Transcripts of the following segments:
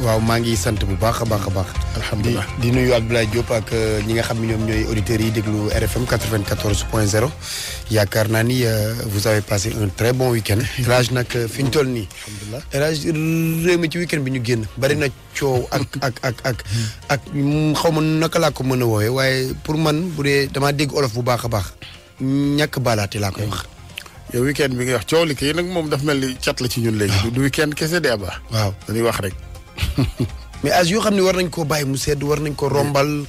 waaw maa ngi sant bu baax a baax a baax. alhamdulilah di nuyu Abdoulaye Diop ak euh, ñi nga xam ne ñoom ñooy auditeurs yi déglu RFM 94 point 0. yaakaar naa ni euh, vous avez passé un très bon week-end. El Hadj nag euh, fi ñu toll nii. alhamdulilah El Hadj réew mi ci week bi ñu génn. bari na coow ak ak ak ak. xaw ma naka laa ko mën a woowee waaye pour man bu dee dama dégg olof bu baax a baax. ñàkk baalaate laa koy wax. yow week-end bi nga wax coow li kay nag moom daf mel ni cat la ci ñun léegi. du week-end kese dee baax waaw dañuy wax rek. mais âge yoo xam ne war nañ koo bàyyi mu sedd war nañ ko rombal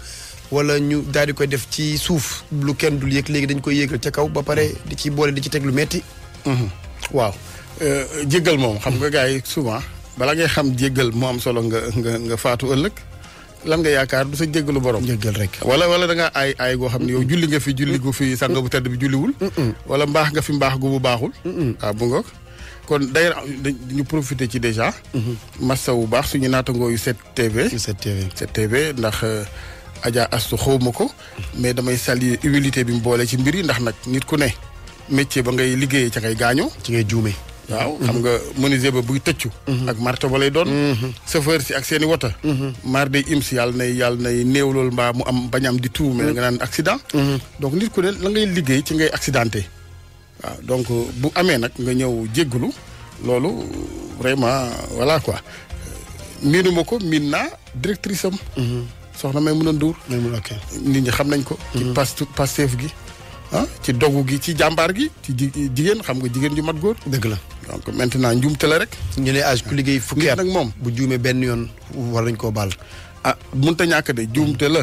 wala ñu daal di koy def ci suuf lu kenn dul yëg léegi dañ koy yëgal ca kaw ba pare di ci boole di ci teg lu metti mhm. waaw euh, jéggal moom xam nga gars yi souvent bala ngay xam jéggal mu am solo nga nga nga faatu ëllëg lan nga yaakaar du sa jéggalu borom. jéggal rek wala wala danga ngaa aay aay goo xam ne yow julli nga fi julli gu fi sàng bu tedd bi julliwul. wala mbaax nga fi mbaax gu bu baaxul. waaw ah, bu kon d'ailleurs ñu profité ci déjà. Mhm. massa wu baax su ñu yu 7TV. yu tv 7TV ndax. Euh, Adja Astu xawma ko mais damay saluer humilité bi mu boole ci mbir yi ndax nag nit ku ne métier ba ngay liggéeyee ca ngay gaañoo. ci ngay juume. waaw mhm. xam nga menuisier ba buy tëccu. Mhm. ak marto ba doon. chauffeur ak seen i wota. maar day im si yàlla nay yàlla nay néew loolu mbaa mu am bañ am di tuume. nga naan accident. donc nit ku ne la ngay liggéey ci ngay accidenté. waaw donc bu amee nag nga ñëw jéggalu loolu vraiment voilà quoi miinuma ko miin naa directrice am. Mhm. soxna Maimouna mun a ok nit ñi xam nañ ko. ci mhm. past Pastef gi. ah ci dogu gi ci jàmbaar gi ci jigéen xam nga jigéen ju mat góor. dëgg la donc maintenant njuumte la rek. ñu ne âge ku liggéey fukki at nag moom bu juumee benn yoon war nañ ko baal. ah mënta ñàkk de juumte la.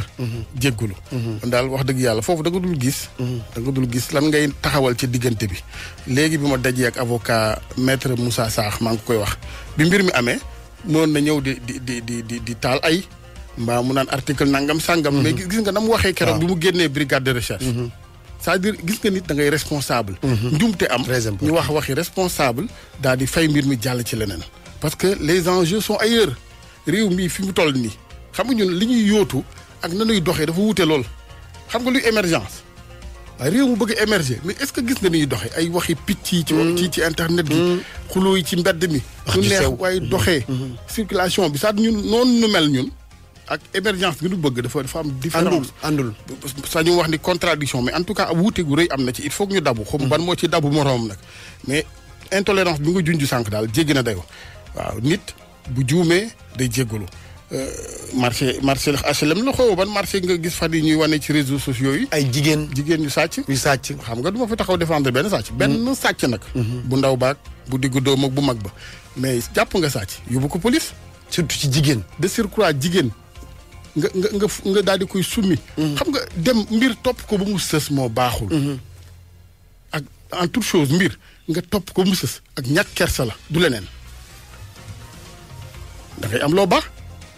jéggulu mhm. daal wax dëgg yàlla foofu danga nga dul gis. Mhm. da nga gis lan ngay taxawal ci diggante bi. léegi bi ma dajee ak avocat maître Moussa saax maa ngi koy wax bi mbir mi amee mënoon na ñëw di di di di di di taal ay mbaa mu naan article nangam sangam. mais mhm. gis nga na mu waxee keroog. bi mu génnee brigade de recherche. cest dire gis nga nit da ngay responsable. njuumte am ñu wax waxi responsable daal di fay mbir mi jàll ci leneen. parce que les enjeux sont ailleurs réew mi fi mu toll nii. xam nga ñun li ñuy yootu ak nanuy doxee dafa wuute lool xam nga luy émergence waaye réew mu bëgg émerger mais est-ce que gis na ni ñuy doxee ay waxi picc yi. ci mm. ci internet gi. Mm. xuloo yi ci mbedd mi. lu neex waaye mm-hmm. doxe mm-hmm. circulation bi saa ñun noonu nu mel ñun. ak émergence gi ñu bëgg dafa dafa am différence àndul sa ñu wax ni contradiction mais en tout cas wuute gu rëy am na ci il faut ñu dabu xam mm-hmm. ban moo ci dabu moroom nag mais intolérance bi nga junj sànq daal jéggi na dayoo waaw nit bu juumee day jéggalu Euh, marché marché HLM la xaw ban marché nga gis fan yi ñuy wane ci réseaux sociaux yi. ay jigéen jigéen ñu sàcc. ñu sàcc xam nga du ma fi taxaw défendre benn sàcc. benn mm-hmm. sàcc nag. Mm-hmm. bu ndaw baag bu diggu doom ak bu mag ba mais jàpp nga sàcc yóbbu ko police. surtout ci jigéen. de surcroît jigéen nga nga nga nga daal di koy summi. Mm-hmm. xam nga dem mbir topp ko ba mu sës moo baaxul. ak en tout chose mbir nga topp ko ba mu sës ak ñàkk kersa la du leneen da am loo baax.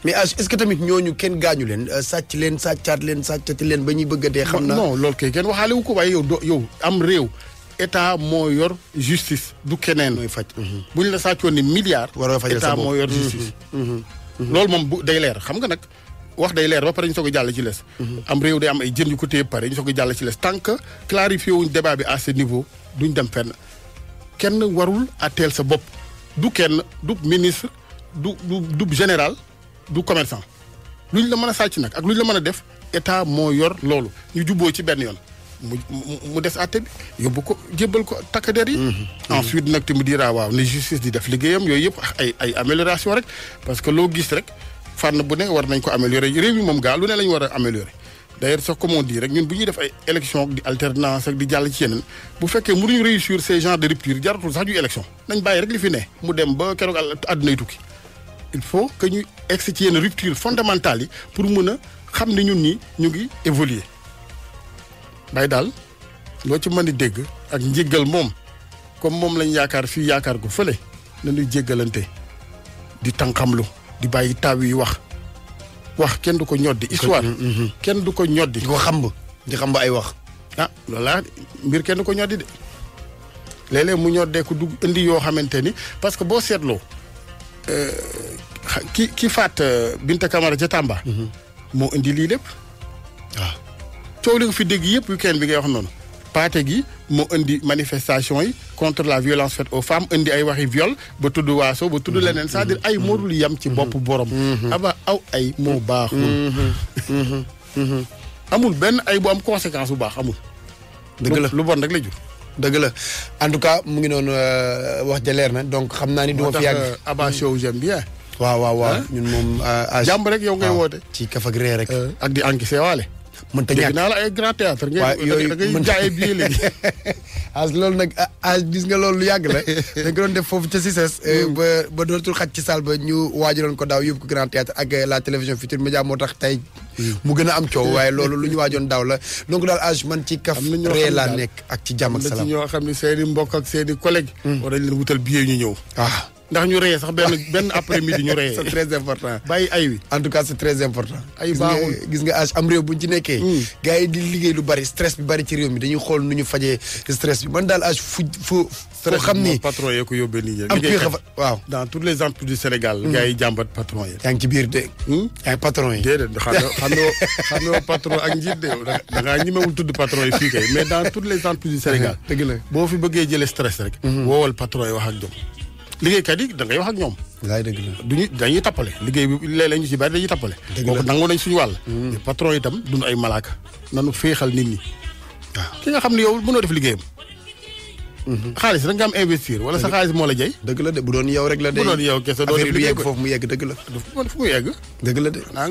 mais est-ce que tamit ñooñu kenn gaañu leen euh, sàcc leen sàccaat leen sàccati leen ba ñuy bëgg a dee. xam naa non loolu kay kenn waxaale wu ko waaye yow do yow am réew état moo yor justice du keneen. mooy faj mhm. bu ñu la sàccoon ni milliard. waroo fajal état moo yor mhm, justice. Mhm, loolu moom bu day leer xam nga nag. wax day leer ba pare ñu jàll ci les. am réew day am ay jën yu ko téye pare ñu jàll ci les tant que clarifié wuñ débat bi à ce dem fenn kenn warul àtteel sa bopp du kenn du ministre du du général. du commerçant lu ñu la mën a sàcc nag ak lu ñu la mën a def état moo yor loolu ñu jubboo ci benn yoon mu mu des àtte bi yóbbu ko jébbal ko takk der yi. Mhm. Mhm. ensuite nag te mu dira waaw ne justice di def liggéeyam yooyu yëpp ay ay amélioration rek parce que loo gis rek fànn bu ne war nañ ko améliorer réew mi moom gaa lu ne la ñu war a améliorer. d'ailleurs sax comme on dit rek ñun bu ñuy def ay élection ak di alternance ak di jàll ci yeneen bu fekkee mënuñu réussir ces genres de rupture jaratul sax ñu élection nañ bàyyi rek li fi ne mu dem ba keroog àddunay tukki. il faut que ñu egg ci yenn rupture fondamentale yi pour mën a xam ne ñun nii ñu ngi évoluer bay daal loo ci mën a dégg ak njéggal moom comme moom lañ yaakaar fii yaakaar gu fële nañuy jéggalante di tànqamlu di bàyyi taaw yi wax wax kenn du ko ñoddi histoire mm-hmm, mm-hmm. kenn du ko ñoddi di ko xamb di xamb ay wax ah loolaa mbir kenn du ko ñoddi de léeg mu ñoddee ko dugg indi yoo xamante ni parce que boo seetloo euh, ki ki faat euh, Binta Camara ca Tamba. Mhm. moo indi lii lépp waaw. Ah. coow li nga fi dégg yëpp weekend bi ngay wax noonu. paate gi moo indi manifestation yi contre la violence faite au femmes indi ay waxi viol ba tudd waaso ba tudd mhm. leneen c'est-à-dire mhm. ay moo dul yam ci bopp borom. aba aw ay moo baax amul benn ay bu am conséquence bu baax amul. dëgg la lu bon rek la jur. dëgg la en tout cas mu ngi noonu euh, wax jaleer na donc xam naa ni. du ma fi yàgg euh, aba show j'aime waaw waaw waaw ñun moom. Ah, ah, jàmm rek yow ngay woote. ci kaf ak ree rek. ak di encaissé man ta ñàkk naa la ay grand théâtre ngay yooyu da ngay jaayee billet léegi as loolu nag ah, as gis nga lool lu yàgg la dañ def foofu ca CICES eh, hmm. ba ba dootul xaj ci salle ba ñu waajaloon ko daaw yóbbu ko grand ak eh, la télévision Futurs Médias moo tax tey hmm. mu gën a am coow waaye loolu lu ñu waajoon daaw la donc daal âge man ci kaf ree laa nekk ak ci jàmm ak salaam am na ci ñoo xam ne seen i mbokk ak seen i collègue hmm. war nañ leen wutal billet ñu ñëw waaw ndax ñu reyee sax benn benn après midi ñu reyee. très important bàyyi ay wi. en tout cas c'est très important. ay baaxul gis nga gis nga am réew bu ñu ci nekkee. Hmm. yi di liggéey lu bari stress bi bari ci réew mi dañuy xool nu ñu fajee stress bi man daal âge fu fu. foo xam ni patron yee ko yóbbee nii am kuy xafa waaw dans toutes les entreprises du Sénégal hmm. gars yi jàmbat patron ci biir de hmm? ay patron yi déedéet xam nga xam nga xam nga patron ak njiit de Sénégal boo fi bëggee jëlee stress rek woowal patron yi wax ak jom liggéeykat yi dangay ngay ak ñoom laay dëgg la duñu dañuy tappale liggéey bi léeg-léeg ñu ci bari dañuy tappale kooku nangu nañ suñu wàll mm. patron itam duñu ay malaaka nanu féexal nit ñi waaw ki nga xam ne yow mënoo def liggéeyam mm-hmm. xaalis da nga am investir wala sa xaalis moo la jey dëgg la de bu doon yow rek la de bu doon yow kese doon yegg foofu mu egg dëgg la fu mu yegg dëgg la de naa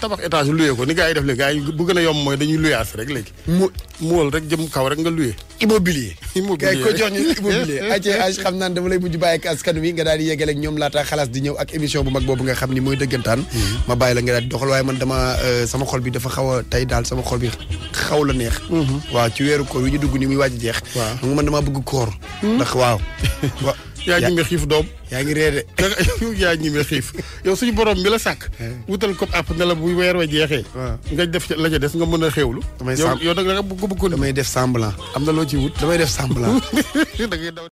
tabax étage luye ko ni gars yi def léegi gars yi bu gën a yomb mooy dañuy luyaas rek léegi. mu muwal rek jëm kaw rek nga luye. immobilier. immobilier gars ko jox ñu immobilier. xam naan dama lay mujj bàyyi ak askan wi nga daal di yeggaleeg ñoom laata xalaas di ñëw ak émission bu mag boobu nga xam ni moo dëggantaan. Mm-hmm. ma bàyyi la nga daal di doxal waaye man dama euh, sama xol bi dafa xaw a tey daal sama xol bi xaw la neex. Mm-hmm. waaw ci weeru koor wi ñu dugg nii muy waaj jeex. waaw man damaa bëgg koor mm-hmm. ndax waaw yaa ñime xiif doom yaa ngi ree de yaa ñime xiif yow suñu borom bi la sàkk eh. wutal ko àpp ne buy bu weer wa jeexee nga def la ca des nga mën a xéewlu yow da nga bugg ko bëggoon damay def semblant am na loo ci wut damay def semblant